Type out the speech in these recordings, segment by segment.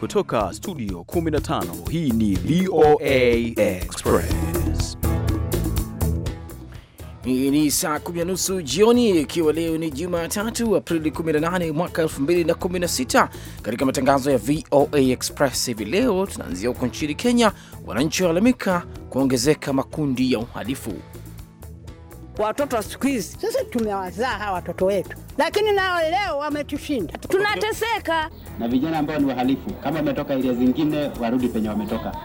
Kutoka studio 15 hii ni VOA Express. Hii ni saa kumi na nusu jioni, ikiwa leo ni Jumatatu, Aprili 18 mwaka 2016. Katika matangazo ya VOA Express hivi leo tunaanzia huko nchini Kenya, wananchi walalamika kuongezeka makundi ya uhalifu watoto wa siku hizi. Sisi tumewazaa hawa watoto wetu, lakini nao leo wametushinda, tunateseka. Na vijana ambao ni wahalifu, kama wametoka ilia zingine, warudi penye wametoka.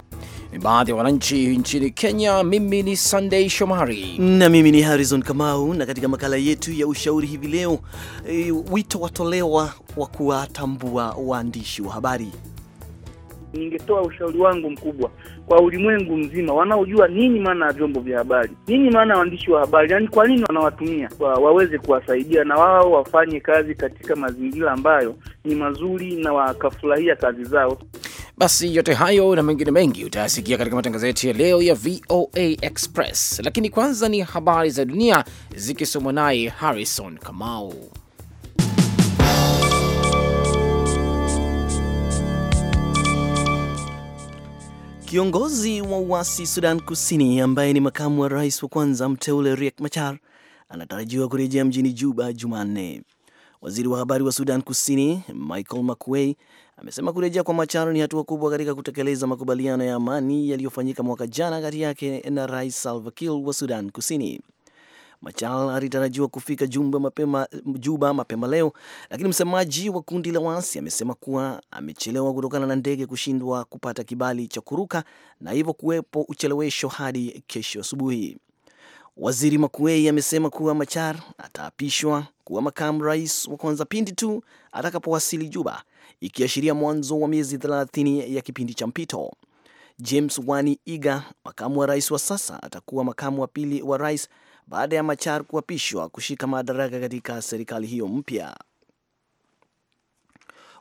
Baadhi ya wananchi nchini Kenya. Mimi ni Sunday Shomari na mimi ni Harrison Kamau, na katika makala yetu ya ushauri hivi leo e, wito watolewa wa kuwatambua waandishi wa habari. Ningetoa ushauri wangu mkubwa kwa ulimwengu mzima, wanaojua nini maana ya vyombo vya habari, nini maana ya waandishi wa habari, yani kwa nini wanawatumia wa, waweze kuwasaidia na wao wafanye kazi katika mazingira ambayo ni mazuri na wakafurahia kazi zao. Basi yote hayo na mengine mengi utayasikia katika matangazo yetu ya leo ya VOA Express, lakini kwanza ni habari za dunia zikisomwa naye Harrison Kamau. Kiongozi wa uasi Sudan Kusini ambaye ni makamu wa rais wa kwanza mteule Riek Machar anatarajiwa kurejea mjini Juba Jumanne. Waziri wa habari wa Sudan Kusini Michael Makuei amesema kurejea kwa Machar ni hatua kubwa katika kutekeleza makubaliano ya amani yaliyofanyika mwaka jana kati yake na Rais Salva Kiir wa Sudan Kusini. Machal alitarajiwa kufika Juba mapema, Juba mapema leo, lakini msemaji wa kundi la waasi amesema kuwa amechelewa kutokana na ndege kushindwa kupata kibali cha kuruka na hivyo kuwepo uchelewesho hadi kesho asubuhi. Waziri Makuei amesema kuwa Machar ataapishwa kuwa makamu rais wa kwanza pindi tu atakapowasili Juba, ikiashiria mwanzo wa miezi 30 ya kipindi cha mpito. James Wani Iga, makamu wa rais wa sasa, atakuwa makamu wa pili wa rais baada ya Machar kuapishwa kushika madaraka katika serikali hiyo mpya.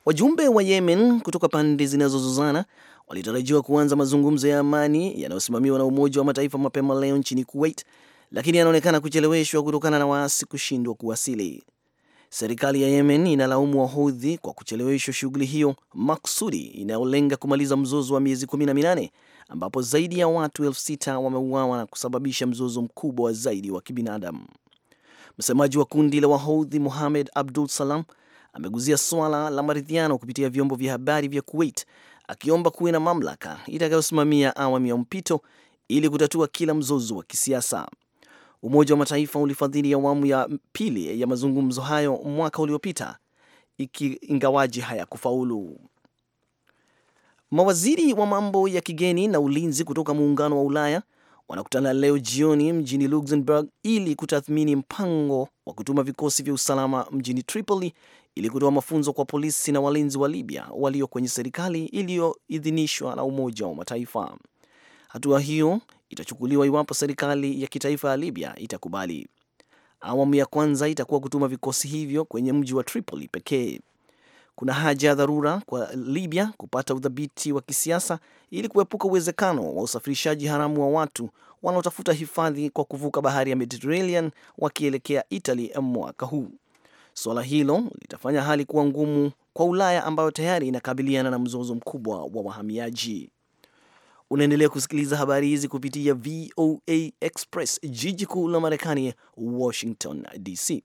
Wajumbe wa Yemen kutoka pande zinazozozana walitarajiwa kuanza mazungumzo ya amani yanayosimamiwa na Umoja wa Mataifa mapema leo nchini Kuwait, lakini yanaonekana kucheleweshwa kutokana na waasi kushindwa kuwasili. Serikali ya Yemen inalaumu Wahudhi kwa kucheleweshwa shughuli hiyo maksudi inayolenga kumaliza mzozo wa miezi minane ambapo zaidi ya watu elfu sita wameuawa na kusababisha mzozo mkubwa zaidi wa kibinadamu. Msemaji wa kundi la Wahoudhi Mohamed Abdul Salam ameguzia swala la maridhiano kupitia vyombo vya habari vya Kuwait, akiomba kuwe na mamlaka itakayosimamia awamu ya mpito ili kutatua kila mzozo wa kisiasa. Umoja wa Mataifa ulifadhili awamu ya, ya pili ya mazungumzo hayo mwaka uliopita, ingawaji hayakufaulu. Mawaziri wa mambo ya kigeni na ulinzi kutoka Muungano wa Ulaya wanakutana leo jioni mjini Luxembourg ili kutathmini mpango wa kutuma vikosi vya usalama mjini Tripoli ili kutoa mafunzo kwa polisi na walinzi wa Libya walio kwenye serikali iliyoidhinishwa na Umoja wa Mataifa. Hatua hiyo itachukuliwa iwapo serikali ya kitaifa ya Libya itakubali. Awamu ya kwanza itakuwa kutuma vikosi hivyo kwenye mji wa Tripoli pekee kuna haja ya dharura kwa Libya kupata udhabiti wa kisiasa ili kuepuka uwezekano wa usafirishaji haramu wa watu wanaotafuta hifadhi kwa kuvuka bahari ya Mediterranean wakielekea Italy mwaka huu. Suala hilo litafanya hali kuwa ngumu kwa Ulaya ambayo tayari inakabiliana na mzozo mkubwa wa wahamiaji. Unaendelea kusikiliza habari hizi kupitia VOA Express, jiji kuu la Marekani, Washington DC.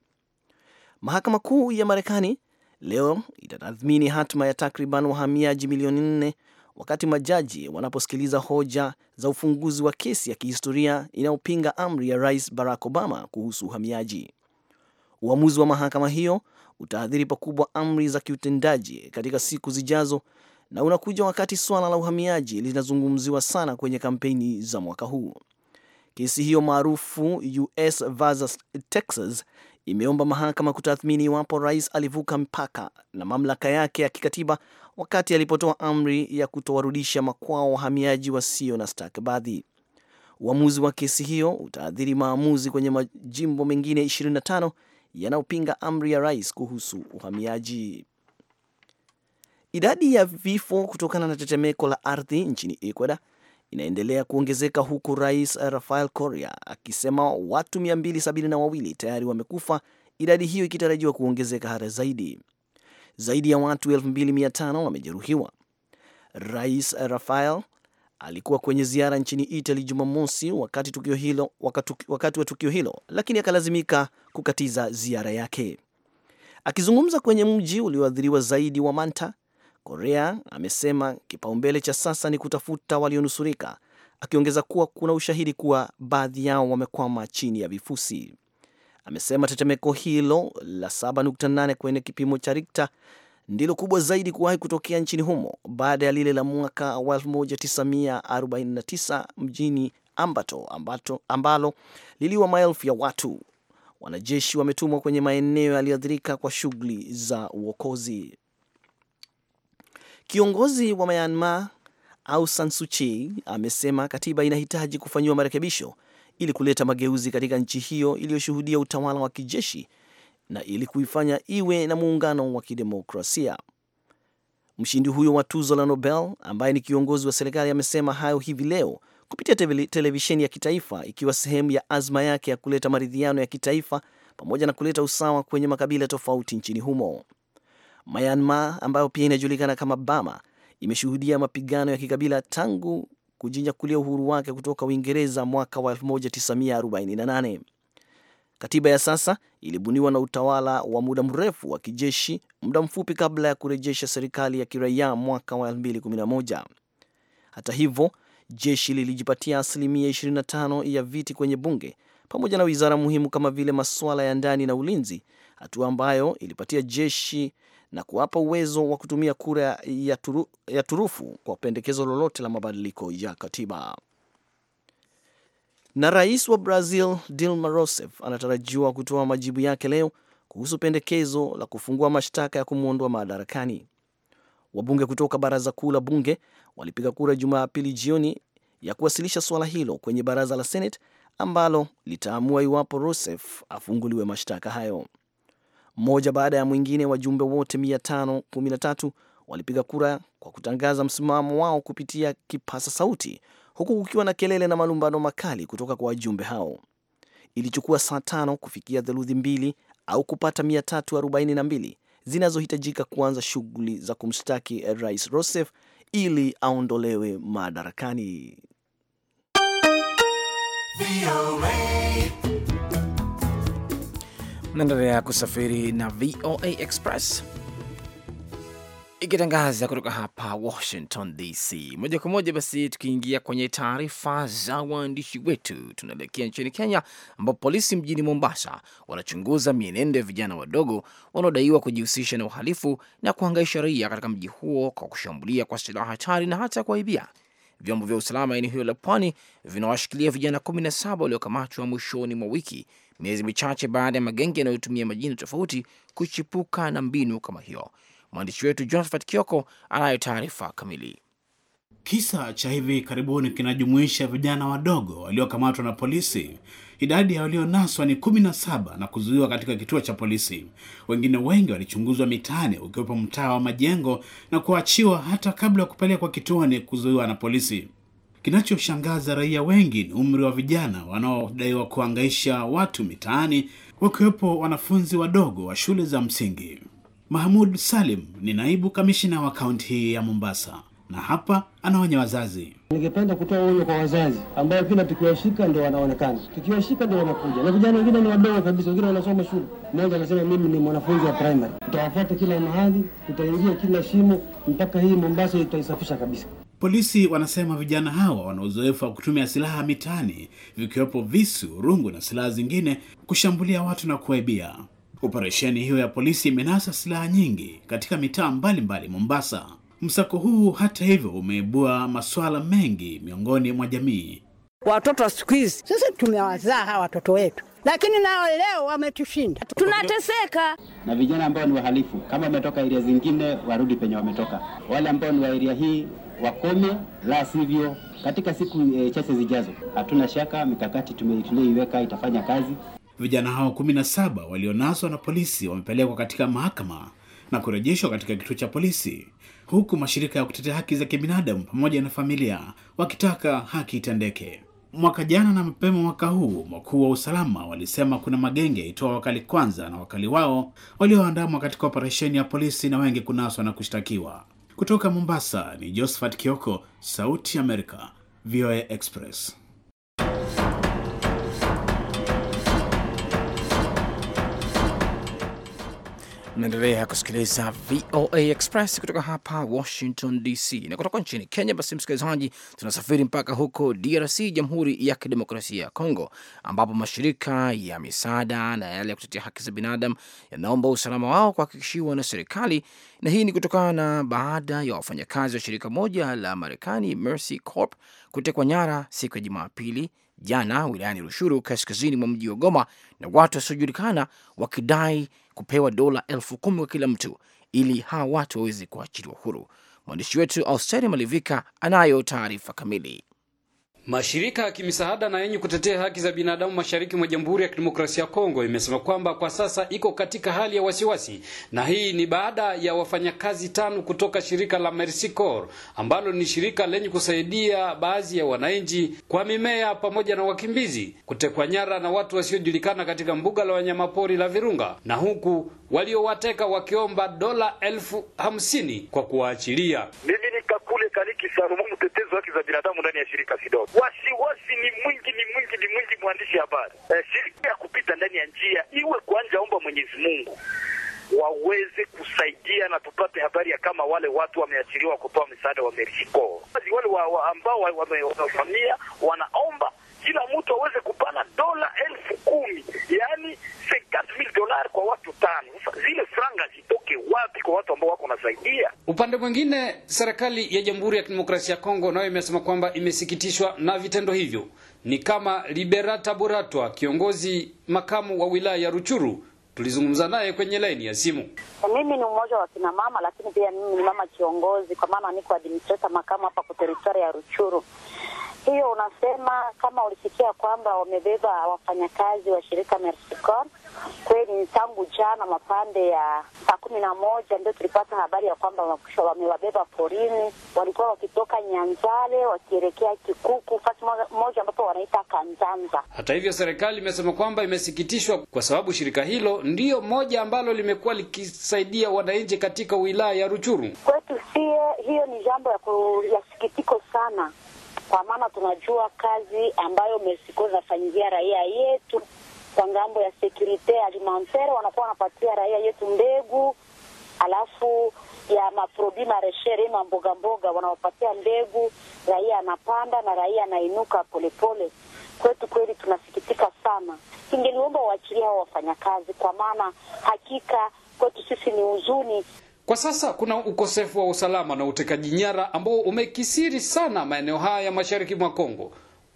Mahakama Kuu ya Marekani leo itatathmini hatma ya takriban wahamiaji milioni nne wakati majaji wanaposikiliza hoja za ufunguzi wa kesi ya kihistoria inayopinga amri ya Rais Barack Obama kuhusu uhamiaji. Uamuzi wa mahakama hiyo utaathiri pakubwa amri za kiutendaji katika siku zijazo na unakuja wakati swala la uhamiaji linazungumziwa sana kwenye kampeni za mwaka huu. Kesi hiyo maarufu US versus Texas imeomba mahakama kutathmini iwapo rais alivuka mpaka na mamlaka yake ya kikatiba wakati alipotoa amri ya kutowarudisha makwao wahamiaji wasio na stakabadhi. Uamuzi wa kesi hiyo utaathiri maamuzi kwenye majimbo mengine 25 yanayopinga amri ya rais kuhusu uhamiaji. Idadi ya vifo kutokana na tetemeko la ardhi nchini Ecuador inaendelea kuongezeka huku Rais Rafael Correa akisema watu 272 tayari wamekufa, idadi hiyo ikitarajiwa kuongezeka hata zaidi. Zaidi ya watu 2500 wamejeruhiwa. Rais Rafael alikuwa kwenye ziara nchini Italy Jumamosi wakati, tukio hilo, wakati, wakati wa tukio hilo, lakini akalazimika kukatiza ziara yake. Akizungumza kwenye mji ulioathiriwa zaidi wa Manta, Korea amesema kipaumbele cha sasa ni kutafuta walionusurika, akiongeza kuwa kuna ushahidi kuwa baadhi yao wamekwama chini ya vifusi. Amesema tetemeko hilo la 7.8 kwenye kipimo cha rikta ndilo kubwa zaidi kuwahi kutokea nchini humo baada ya lile la mwaka wa 1949 mjini Ambato, ambato ambalo liliwa maelfu ya watu. Wanajeshi wametumwa kwenye maeneo yaliyoathirika kwa shughuli za uokozi. Kiongozi wa Myanmar Aung San Suu Kyi amesema katiba inahitaji kufanyiwa marekebisho ili kuleta mageuzi katika nchi hiyo iliyoshuhudia utawala wa kijeshi na ili kuifanya iwe na muungano wa kidemokrasia. Mshindi huyo wa tuzo la Nobel ambaye ni kiongozi wa serikali amesema hayo hivi leo kupitia televisheni ya kitaifa ikiwa sehemu ya azma yake ya kuleta maridhiano ya kitaifa pamoja na kuleta usawa kwenye makabila tofauti nchini humo. Myanmar ambayo pia inajulikana kama bama imeshuhudia mapigano ya kikabila tangu kujinyakulia uhuru wake kutoka Uingereza mwaka wa 1948. Katiba ya sasa ilibuniwa na utawala wa muda mrefu wa kijeshi muda mfupi kabla ya kurejesha serikali ya kiraia mwaka wa 2011. Hata hivyo, jeshi lilijipatia asilimia 25 ya viti kwenye bunge pamoja na wizara muhimu kama vile masuala ya ndani na ulinzi, hatua ambayo ilipatia jeshi na kuwapa uwezo wa kutumia kura ya, turu, ya turufu kwa pendekezo lolote la mabadiliko ya katiba. Na rais wa Brazil Dilma Rousseff anatarajiwa kutoa majibu yake leo kuhusu pendekezo la kufungua mashtaka ya kumwondoa madarakani. Wabunge kutoka baraza kuu la bunge walipiga kura Jumapili jioni ya kuwasilisha suala hilo kwenye baraza la Senate ambalo litaamua iwapo Rousseff afunguliwe mashtaka hayo. Mmoja baada ya mwingine, wajumbe wote 513 walipiga kura kwa kutangaza msimamo wao kupitia kipasa sauti, huku kukiwa na kelele na malumbano makali kutoka kwa wajumbe hao. Ilichukua saa tano kufikia theluthi mbili au kupata 342 zinazohitajika kuanza shughuli za kumshtaki Rais Rousseff ili aondolewe madarakani. Naendelea kusafiri na VOA Express ikitangaza kutoka hapa Washington DC moja kwa moja. Basi tukiingia kwenye taarifa za waandishi wetu, tunaelekea nchini Kenya ambapo polisi mjini Mombasa wanachunguza mienendo ya vijana wadogo wanaodaiwa kujihusisha na uhalifu na kuhangaisha raia katika mji huo kwa kushambulia kwa silaha hatari na hata kuwaibia. Vyombo vya usalama eneo hilo la pwani vinawashikilia vijana 17 waliokamatwa mwishoni mwa wiki miezi michache baada ya magenge yanayotumia majina tofauti kuchipuka na mbinu kama hiyo. Mwandishi wetu Josephat Kioko anayo taarifa kamili. Kisa cha hivi karibuni kinajumuisha vijana wadogo waliokamatwa na polisi. Idadi ya walionaswa ni kumi na saba na kuzuiwa katika kituo cha polisi. Wengine wengi walichunguzwa mitaani, ukiwepo mtaa wa Majengo, na kuachiwa hata kabla ya kupelekwa kituoni kuzuiwa na polisi. Kinachoshangaza raia wengi ni umri wa vijana wanaodaiwa kuangaisha watu mitaani, wakiwepo wanafunzi wadogo wa shule za msingi. Mahmud Salim ni naibu kamishina wa kaunti hii ya Mombasa na hapa anaonya wazazi. Ningependa kutoa onyo kwa wazazi ambayo kila tukiwashika ndio wanaonekana, tukiwashika ndio wanakuja, na vijana wengine ni wadogo kabisa, wengine wanasoma shule. Mmoja anasema mimi ni mwanafunzi wa primary. Tutawafuata kila mahali, tutaingia kila shimo, mpaka hii Mombasa tutaisafisha kabisa. Polisi wanasema vijana hawa wana uzoefu wa kutumia silaha mitaani, vikiwepo visu, rungu na silaha zingine, kushambulia watu na kuwaibia. Operesheni hiyo ya polisi imenasa silaha nyingi katika mitaa mbalimbali Mombasa. Msako huu hata hivyo umeibua masuala mengi miongoni mwa jamii. Watoto wa siku hizi sisi tumewazaa hawa watoto wetu, lakini nao leo wametushinda, tunateseka. Na vijana ambao ni wahalifu, kama wametoka eria zingine, warudi penye wametoka. Wale ambao ni wa eria hii wakome, la sivyo katika siku e, chache zijazo, hatuna shaka mikakati tuliyoiweka itafanya kazi. Vijana hao kumi na saba walionaswa na polisi wamepelekwa katika mahakama na kurejeshwa katika kituo cha polisi, huku mashirika ya kutetea haki za kibinadamu pamoja na familia wakitaka haki itendeke. Mwaka jana na mapema mwaka huu, wakuu wa usalama walisema kuna magenge yaitoa wakali kwanza na wakali wao walioandamwa katika operesheni ya polisi na wengi kunaswa na kushtakiwa. Kutoka Mombasa ni Josephat Kioko, Sauti ya Amerika, VOA Express. Naendelea kusikiliza VOA Express kutoka hapa Washington DC na kutoka nchini Kenya. Basi msikilizaji, tunasafiri mpaka huko DRC, Jamhuri ya Kidemokrasia ya Kongo, ambapo mashirika ya misaada na yale ya kutetea haki za binadamu yanaomba usalama wao kuhakikishiwa na serikali, na hii ni kutokana na baada ya wafanyakazi wa shirika moja la Marekani Mercy Corp kutekwa nyara siku ya Jumapili jana wilayani Rushuru, kaskazini mwa mji wa Goma, na watu wasiojulikana wakidai kupewa dola elfu kumi kwa kila mtu ili hawa watu waweze kuachiliwa huru. Mwandishi wetu Austeri Malivika anayo taarifa kamili. Mashirika ya kimisaada na yenye kutetea haki za binadamu mashariki mwa Jamhuri ya Kidemokrasia ya Kongo imesema kwamba kwa sasa iko katika hali ya wasiwasi, na hii ni baada ya wafanyakazi tano kutoka shirika la Mercy Corps ambalo ni shirika lenye kusaidia baadhi ya wananchi kwa mimea pamoja na wakimbizi kutekwa nyara na watu wasiojulikana katika mbuga la wanyamapori la Virunga, na huku waliowateka wakiomba dola elfu hamsini kwa kuwaachilia. Patrick Salumu, mtetezi wake za binadamu ndani ya shirika Sidok. Wasiwasi ni mwingi, ni mwingi, ni mwingi, mwandishi habari. Eh, shirika ya kupita ndani ya njia iwe kwanja, omba Mwenyezi Mungu waweze kusaidia na tupate habari ya kama wale watu wameachiriwa kutoa misaada wa Mexico, wale wa, wa ambao wa, wa, wa, wanaomba kila mtu aweze kupana dola elfu kumi yaani dolari kwa watu tano. Zile franga zitoke wapi kwa watu ambao wako nasaidia? Upande mwingine, serikali ya Jamhuri ya Kidemokrasia ya Kongo nayo imesema kwamba imesikitishwa na vitendo hivyo. Ni kama Liberata Boratwa, kiongozi makamu wa wilaya ya Ruchuru, tulizungumza naye kwenye laini ya simu. Mimi ni mmoja wa kina mama, lakini pia mimi ni mama kiongozi, kwa maana niko administrator makamu hapa kwa teritoria ya Ruchuru hiyo unasema kama ulisikia kwamba wamebeba wafanyakazi wa shirika Mercicor, kweli ni tangu jana mapande ya saa kumi na moja ndio tulipata habari ya kwamba wamewabeba porini. Walikuwa wakitoka Nyanzale wakielekea Kikuku, fasi moja ambapo wanaita Kanzanza. Hata hivyo, serikali imesema kwamba imesikitishwa kwa sababu shirika hilo ndiyo moja ambalo limekuwa likisaidia wananchi katika wilaya ya Ruchuru. Kwetu sie hiyo ni jambo ya, ku, ya sikitiko sana kwa maana tunajua kazi ambayo Mexico zafanyia raia yetu kwa ngambo ya sekurite alimentaire, wanakuwa wanapatia raia yetu mbegu, alafu ya maprobi mareshere ma mboga mboga, wanawapatia mbegu, raia anapanda na raia anainuka polepole. Kwetu kweli tunasikitika sana, singeliomba waachilia hao wafanyakazi, kwa maana hakika kwetu sisi ni huzuni. Kwa sasa kuna ukosefu wa usalama na utekaji nyara ambao umekisiri sana maeneo haya ya mashariki mwa Kongo,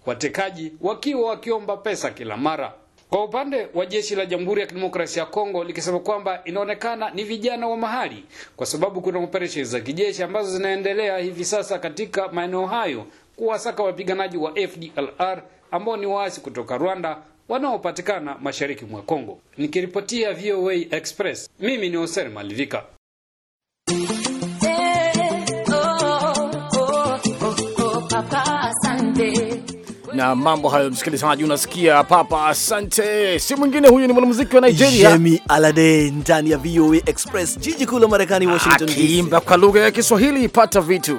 watekaji wakiwa wakiomba pesa kila mara. Kwa upande wa jeshi la Jamhuri ya Kidemokrasia ya Kongo likisema kwamba inaonekana ni vijana wa mahali, kwa sababu kuna operesheni za kijeshi ambazo zinaendelea hivi sasa katika maeneo hayo kuwasaka wapiganaji wa FDLR ambao ni waasi kutoka Rwanda wanaopatikana mashariki mwa Kongo. Nikiripotia VOA Express, mimi ni Hoseri Malivika. na mambo hayo, msikilizaji, unasikia papa. Asante, si mwingine huyu ni mwanamuziki wa Nigeria Yemi Alade ndani ya VOA Express, jiji kuu la Marekani Washington DC, akiimba kwa lugha ya Kiswahili. Pata vitu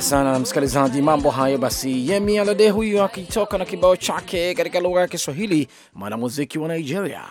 sana msikilizaji, mambo hayo basi. Yemi Alade huyu akitoka na kibao chake katika lugha ya Kiswahili, mwanamuziki wa Nigeria.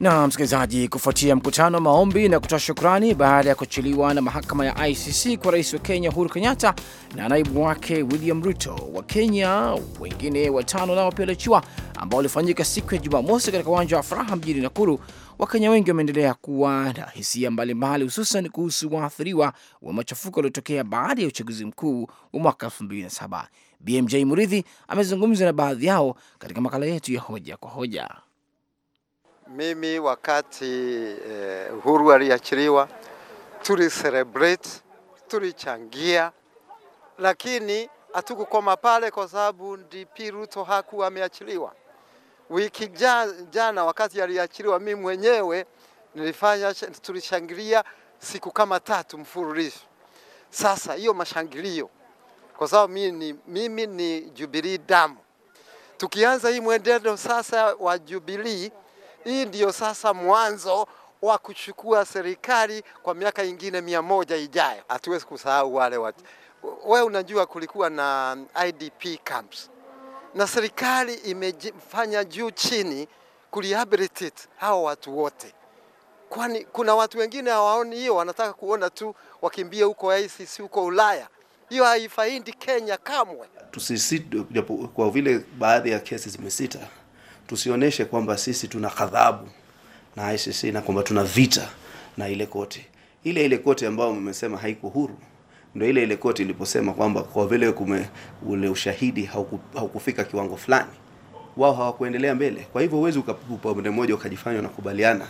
Na msikilizaji, kufuatia mkutano wa maombi na kutoa shukrani baada ya kuachiliwa na mahakama ya ICC kwa rais wa Kenya Uhuru Kenyatta na naibu wake William Ruto, wa Kenya wengine watano nao pia waliachiwa, ambao walifanyika siku ya Jumamosi katika uwanja wa Furaha mjini Nakuru. Wakenya wengi wameendelea kuwa na hisia mbalimbali, hususan kuhusu waathiriwa wa machafuko yaliyotokea baada ya uchaguzi mkuu wa mwaka 2007. BMJ Muridhi amezungumza na baadhi yao katika makala yetu ya hoja kwa hoja. Mimi wakati eh, Uhuru aliachiliwa tuli celebrate, tulichangia, lakini hatukukoma pale kwa sababu DP Ruto hakuwa ameachiliwa. Wiki jana wakati aliachiliwa, mimi mwenyewe nilifanya, tulishangilia siku kama tatu mfululizo. Sasa hiyo mashangilio, kwa sababu mimi, mimi ni Jubilee damu, tukianza hii mwendendo sasa wa Jubilee hii ndiyo sasa mwanzo wa kuchukua serikali kwa miaka ingine mia moja ijayo. Hatuwezi kusahau wale wa wewe, unajua kulikuwa na IDP camps na serikali imefanya juu chini kurehabilitate hao watu wote, kwani kuna watu wengine hawaoni hiyo, wanataka kuona tu wakimbie huko ICC huko Ulaya. Hiyo haifaidi Kenya kamwe. Tusisite, kwa vile baadhi ya kesi zimesita tusionyeshe kwamba sisi tuna ghadhabu na ICC na kwamba tuna vita na ile koti ile ile koti ambayo mmesema haiko huru ndio ile ile koti iliposema kwamba kwa vile kume ule ushahidi haukufika hauku kiwango fulani, wao hawakuendelea mbele. Kwa hivyo huwezi upande mmoja ukajifanya unakubaliana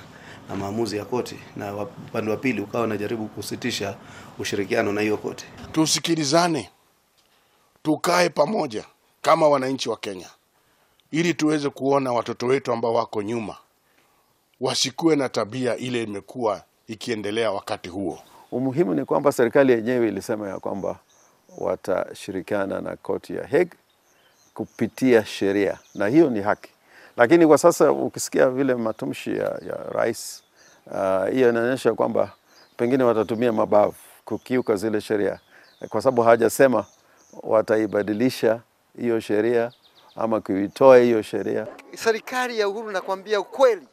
na maamuzi ya koti na upande wa pili ukawa unajaribu kusitisha ushirikiano na hiyo koti. Tusikilizane, tukae pamoja kama wananchi wa Kenya ili tuweze kuona watoto wetu ambao wako nyuma wasikuwe na tabia ile imekuwa ikiendelea wakati huo. Umuhimu ni kwamba serikali yenyewe ilisema ya kwamba watashirikiana na koti ya Hague kupitia sheria, na hiyo ni haki. Lakini kwa sasa ukisikia vile matumshi ya, ya rais uh, hiyo, uh, inaonyesha kwamba pengine watatumia mabavu kukiuka zile sheria, kwa sababu hawajasema wataibadilisha hiyo sheria ama kuitoa hiyo sheria. Serikali ya Uhuru, nakwambia ukweli,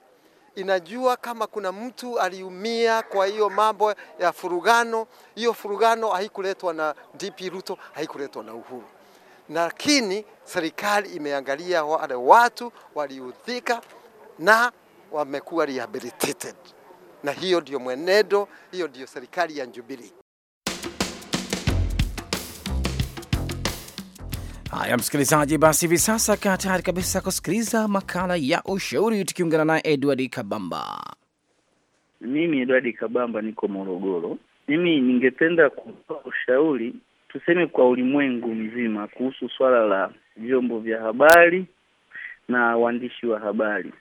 inajua kama kuna mtu aliumia kwa hiyo mambo ya furugano. Hiyo furugano haikuletwa na DP Ruto, haikuletwa na Uhuru, lakini serikali imeangalia wale watu waliudhika na wamekuwa rehabilitated, na hiyo ndio mwenendo, hiyo ndio serikali ya Jubilee. Haya msikilizaji, basi hivi sasa kaa tayari kabisa kusikiliza makala ya ushauri, tukiungana naye Edward Kabamba. Mimi Edward Kabamba niko Morogoro. Mimi ningependa kutoa ushauri tuseme kwa ulimwengu mzima kuhusu swala la vyombo vya habari na waandishi wa habari,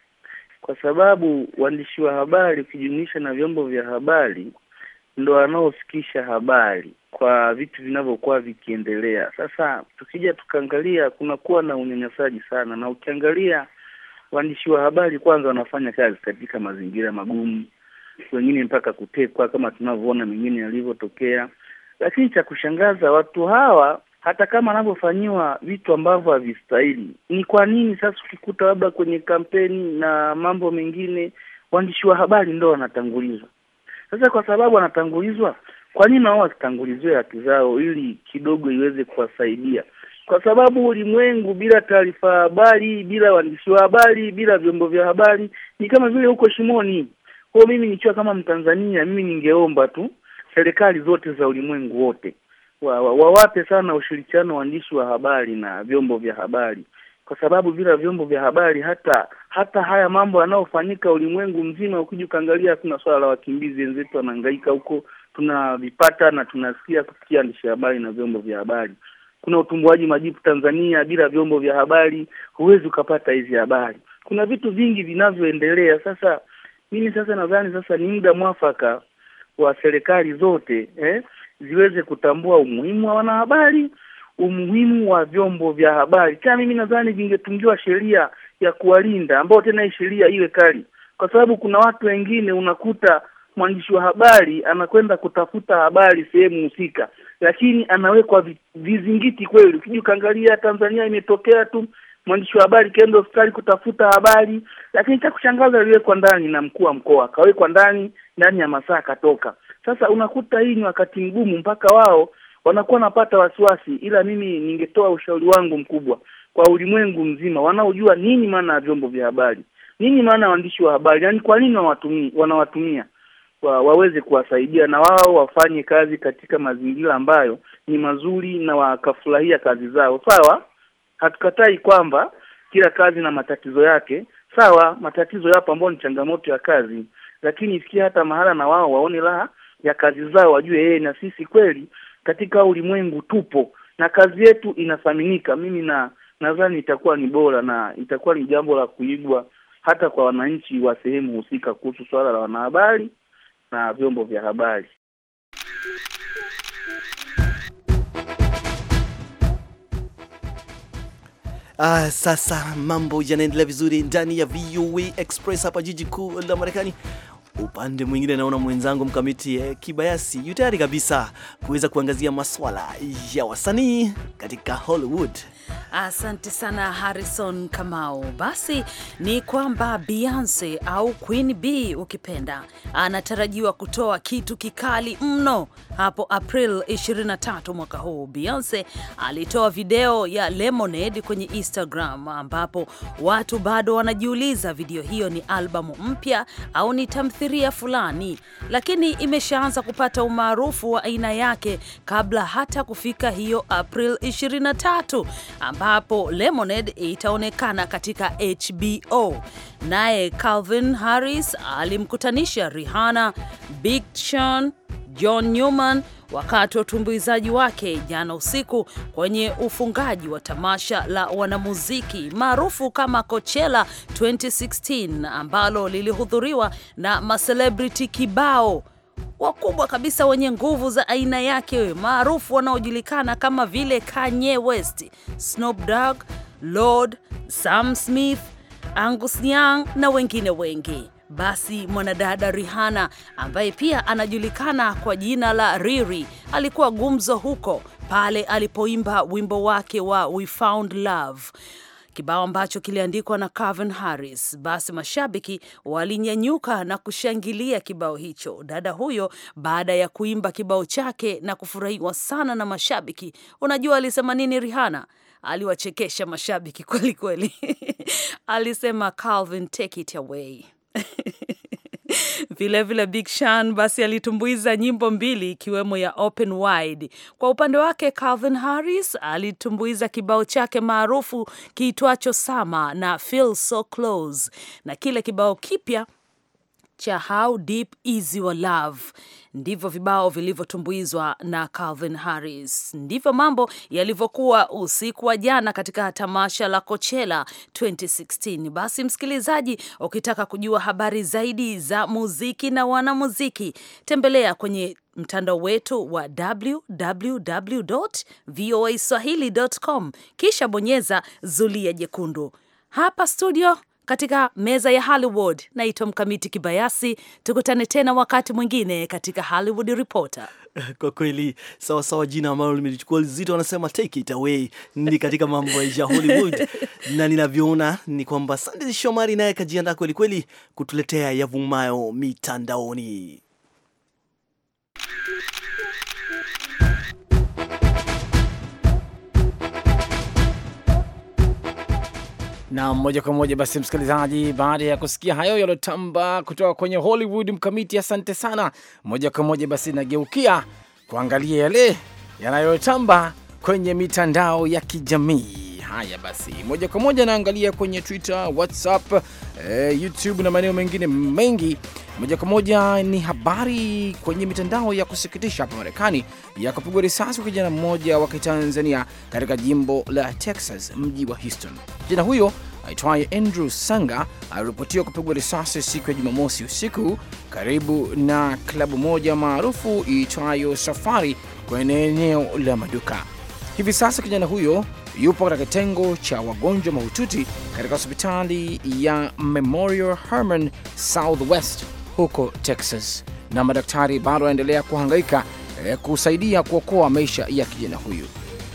kwa sababu waandishi wa habari ukijumuisha na vyombo vya habari ndo wanaofikisha habari kwa vitu vinavyokuwa vikiendelea. Sasa tukija tukaangalia, kunakuwa na unyanyasaji sana, na ukiangalia waandishi wa habari kwanza wanafanya kazi katika mazingira magumu, wengine mpaka kutekwa, kama tunavyoona mengine yalivyotokea. Lakini cha kushangaza watu hawa hata kama anavyofanyiwa vitu ambavyo havistahili, ni kwa nini sasa ukikuta labda kwenye kampeni na mambo mengine waandishi wa habari ndo wanatangulizwa? Sasa kwa sababu wanatangulizwa, kwa nini hao wasitanguliziwe haki zao ili kidogo iweze kuwasaidia? Kwa sababu ulimwengu bila taarifa ya habari, bila waandishi wa habari, bila vyombo vya habari ni kama vile huko shimoni. Kwa mimi nikiwa kama Mtanzania, mimi ningeomba tu serikali zote za ulimwengu wote wawape wa, wa sana ushirikiano waandishi wa habari na vyombo vya habari, kwa sababu bila vyombo vya habari hata hata haya mambo yanayofanyika ulimwengu mzima, ukija ukaangalia, kuna swala la wakimbizi wenzetu wanahangaika huko, tunavipata na tunasikia kupitia andishi habari na vyombo vya habari. Kuna utumbuaji majipu Tanzania, bila vyombo vya habari huwezi ukapata hizi habari. Kuna vitu vingi vinavyoendelea. Sasa mimi sasa nadhani sasa ni muda mwafaka wa serikali zote eh, ziweze kutambua umuhimu wa wanahabari, umuhimu wa vyombo vya habari. Tena mimi nadhani vingetungiwa sheria ya kuwalinda, ambayo tena hii sheria iwe kali, kwa sababu kuna watu wengine unakuta mwandishi wa habari anakwenda kutafuta habari sehemu husika, lakini anawekwa vizingiti kweli. Ukija ukaangalia Tanzania imetokea tu mwandishi wa habari kaenda hospitali kutafuta habari, lakini cha kushangaza aliwekwa ndani na mkuu wa mkoa, akawekwa ndani ndani ya masaa akatoka. Sasa unakuta hii ni wakati mgumu, mpaka wao wanakuwa napata wasiwasi. Ila mimi ningetoa ushauri wangu mkubwa kwa ulimwengu mzima, wanaojua nini maana ya vyombo vya habari, nini maana ya waandishi wa habari, yaani kwa nini wanawatumia wa, waweze kuwasaidia na wao wafanye kazi katika mazingira ambayo ni mazuri na wakafurahia kazi zao. Sawa, hatukatai kwamba kila kazi na matatizo yake. Sawa, matatizo yapo ambayo ni changamoto ya kazi, lakini isikia hata mahala na wao waone raha ya kazi zao, wajue yeye eh, na sisi kweli katika ulimwengu tupo na kazi yetu inathaminika. Mimi na nadhani itakuwa ni bora na itakuwa ni jambo la kuigwa hata kwa wananchi wa sehemu husika kuhusu swala la wanahabari na vyombo vya habari. Ah, sasa mambo yanaendelea vizuri ndani ya VOA Express hapa jiji kuu la Marekani. Upande mwingine naona mwenzangu mkamiti eh, Kibayasi yu tayari kabisa kuweza kuangazia maswala ya wasanii katika Hollywood. Asante sana Harrison Kamau. Basi ni kwamba Beyonce au Queen B ukipenda, anatarajiwa kutoa kitu kikali mno hapo April 23 mwaka huu. Beyonce alitoa video ya Lemonade kwenye Instagram, ambapo watu bado wanajiuliza video hiyo ni albamu mpya au ni tamthiria fulani, lakini imeshaanza kupata umaarufu wa aina yake kabla hata kufika hiyo April 23 ambapo Lemonade itaonekana katika HBO. Naye Calvin Harris alimkutanisha Rihanna, Big Sean, John Newman wakati wa utumbuizaji wake jana usiku kwenye ufungaji wa tamasha la wanamuziki maarufu kama Coachella 2016 ambalo lilihudhuriwa na macelebrity kibao wakubwa kabisa wenye nguvu za aina yake maarufu wanaojulikana kama vile Kanye West, Snoop Dogg, Lord, Sam Smith, Angus Young na wengine wengi. Basi mwanadada Rihanna ambaye pia anajulikana kwa jina la Riri alikuwa gumzo huko pale alipoimba wimbo wake wa We Found Love kibao ambacho kiliandikwa na Calvin Harris. Basi mashabiki walinyanyuka na kushangilia kibao hicho, dada huyo baada ya kuimba kibao chake na kufurahiwa sana na mashabiki. Unajua alisema nini Rihanna? Aliwachekesha mashabiki kweli kweli. Alisema Calvin, take it away Vilevile vile Big Sean basi alitumbuiza nyimbo mbili ikiwemo ya Open Wide. Kwa upande wake, Calvin Harris alitumbuiza kibao chake maarufu kiitwacho Sama na Feel So Close, na kile kibao kipya cha How Deep Is Your Love. Ndivyo vibao vilivyotumbuizwa na Calvin Harris. Ndivyo mambo yalivyokuwa usiku wa jana katika tamasha la Coachella 2016. Basi msikilizaji, ukitaka kujua habari zaidi za muziki na wanamuziki, tembelea kwenye mtandao wetu wa www.voaswahili.com, kisha bonyeza zulia jekundu. Hapa studio katika meza ya Hollywood. Naitwa Mkamiti Kibayasi, tukutane tena wakati mwingine katika Hollywood Reporter. Kwa kweli sawa sawa, jina ambalo limelichukua lizito, wanasema take it away, ni katika mambo ya Hollywood na ninavyoona ni kwamba Sandy Shomari naye kajiandaa kweli kweli kutuletea yavumayo mitandaoni. na moja kwa moja basi, msikilizaji, baada ya kusikia hayo yaliotamba kutoka kwenye Hollywood, mkamiti, asante sana. Moja kwa moja basi nageukia kuangalia yale yanayotamba kwenye mitandao ya kijamii. Haya basi, moja kwa moja naangalia kwenye Twitter, WhatsApp, eh, YouTube na maeneo mengine mengi moja kwa moja ni habari kwenye mitandao ya kusikitisha hapa Marekani ya kupigwa risasi kwa kijana mmoja wa Kitanzania katika jimbo la Texas, mji wa Houston. Kijana huyo aitwaye Andrew Sanga aliripotiwa kupigwa risasi siku ya Jumamosi usiku karibu na klabu moja maarufu iitwayo Safari kwenye eneo la maduka. Hivi sasa kijana huyo yupo katika kitengo cha wagonjwa mahututi katika hospitali ya Memorial Hermann Southwest huko Texas, na madaktari bado wanaendelea kuhangaika eh, kusaidia kuokoa maisha ya kijana huyu.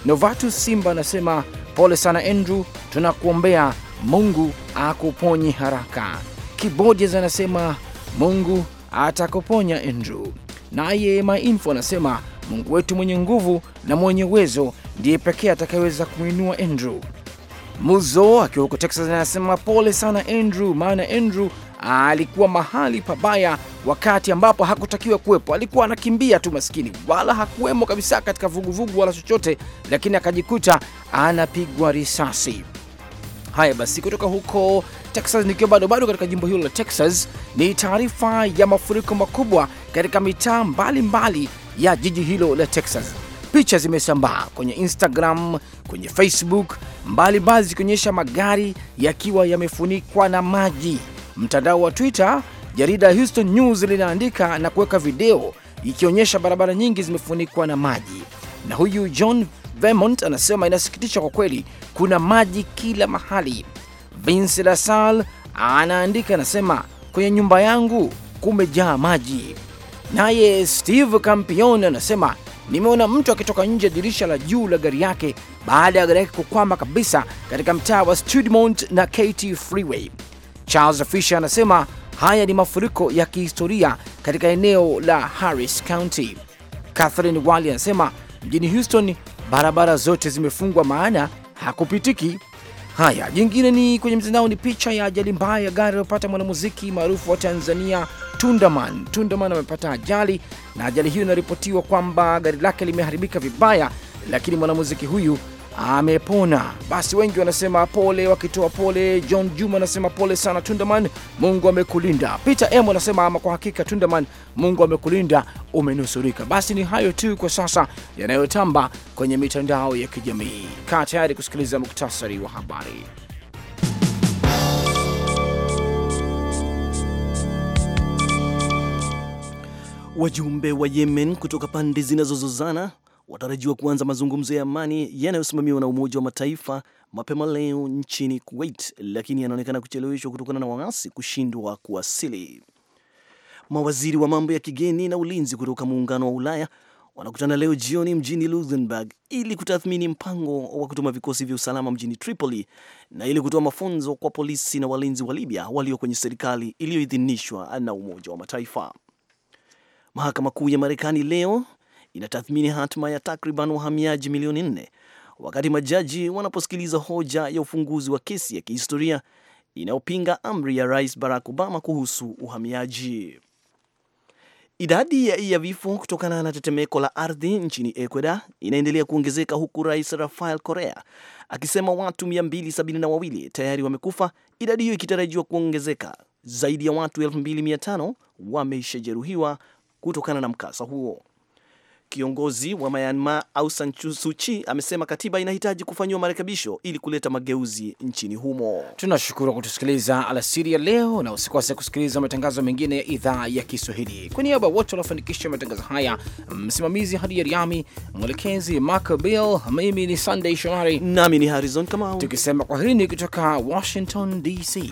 Novatus Simba anasema pole sana Andrew, tunakuombea Mungu akuponyi haraka. Kibojes anasema Mungu atakuponya Andrew. Naye Mainfo anasema Mungu wetu mwenye nguvu na mwenye uwezo ndiye pekee atakayeweza kumwinua Andrew. Muzo akiwa huko Texas anasema pole sana Andrew, maana Andrew ah, alikuwa mahali pabaya wakati ambapo hakutakiwa kuwepo. Alikuwa anakimbia tu maskini, wala hakuwemo kabisa katika vuguvugu wala chochote, lakini akajikuta anapigwa risasi. Haya basi, kutoka huko Texas, nikiwa bado bado katika jimbo hilo la Texas, ni taarifa ya mafuriko makubwa katika mitaa mbalimbali ya jiji hilo la Texas. Picha zimesambaa kwenye Instagram, kwenye Facebook mbalimbali zikionyesha magari yakiwa yamefunikwa na maji. Mtandao wa Twitter, jarida Houston News linaandika na kuweka video ikionyesha barabara nyingi zimefunikwa na maji. Na huyu John Vermont anasema inasikitisha kwa kweli, kuna maji kila mahali. Vince Lasal anaandika anasema, kwenye nyumba yangu kumejaa maji. Naye Steve Campion anasema nimeona mtu akitoka nje ya dirisha la juu la gari yake baada ya gari yake kukwama kabisa katika mtaa wa Studmont na KT Freeway. Charles Fisher anasema haya ni mafuriko ya kihistoria katika eneo la Harris County. Catherine Wally anasema mjini Houston barabara zote zimefungwa, maana hakupitiki. Haya, jingine ni kwenye mtandao ni picha ya ajali mbaya ya gari iliyopata mwanamuziki maarufu wa Tanzania Tundaman. Tundaman amepata ajali na ajali hiyo inaripotiwa kwamba gari lake limeharibika vibaya, lakini mwanamuziki huyu amepona. Basi wengi wanasema pole, wakitoa pole. John Juma anasema pole sana tundeman Mungu amekulinda. Peter M anasema ama kwa hakika tundeman Mungu amekulinda, umenusurika. Basi ni hayo tu kwa sasa yanayotamba kwenye mitandao ya kijamii. Kaa tayari kusikiliza muktasari wa habari. Wajumbe wa Yemen kutoka pande zinazozozana watarajiwa kuanza mazungumzo ya amani yanayosimamiwa na Umoja wa Mataifa mapema leo nchini Kuwait, lakini yanaonekana kucheleweshwa kutokana na waasi kushindwa kuwasili. Mawaziri wa mambo ya kigeni na ulinzi kutoka Muungano wa Ulaya wanakutana leo jioni mjini Luxembourg ili kutathmini mpango wa kutuma vikosi vya usalama mjini Tripoli na ili kutoa mafunzo kwa polisi na walinzi wa Libya walio kwenye serikali iliyoidhinishwa na Umoja wa Mataifa. Mahakama Kuu ya Marekani leo inatathmini hatima ya takriban wahamiaji milioni nne wakati majaji wanaposikiliza hoja ya ufunguzi wa kesi ya kihistoria inayopinga amri ya Rais Barack Obama kuhusu uhamiaji. Idadi ya ya vifo kutokana na tetemeko la ardhi nchini Ecuador inaendelea kuongezeka huku Rais Rafael Correa akisema watu 272 tayari wamekufa, idadi hiyo ikitarajiwa kuongezeka. Zaidi ya watu 2500 wameshajeruhiwa kutokana na mkasa huo. Kiongozi wa Myanmar Aung San Suu Kyi amesema katiba inahitaji kufanyiwa marekebisho ili kuleta mageuzi nchini humo. Tunashukuru kutusikiliza alasiri ya leo, na usikose kusikiliza matangazo mengine ya idhaa ya Kiswahili. Kwa niaba wote waliofanikisha matangazo haya, msimamizi Hadi riami mwelekezi Marco Bill, mimi ni Sunday Shomari nami ni Harrison Kamau, tukisema kwaherini kutoka Washington DC.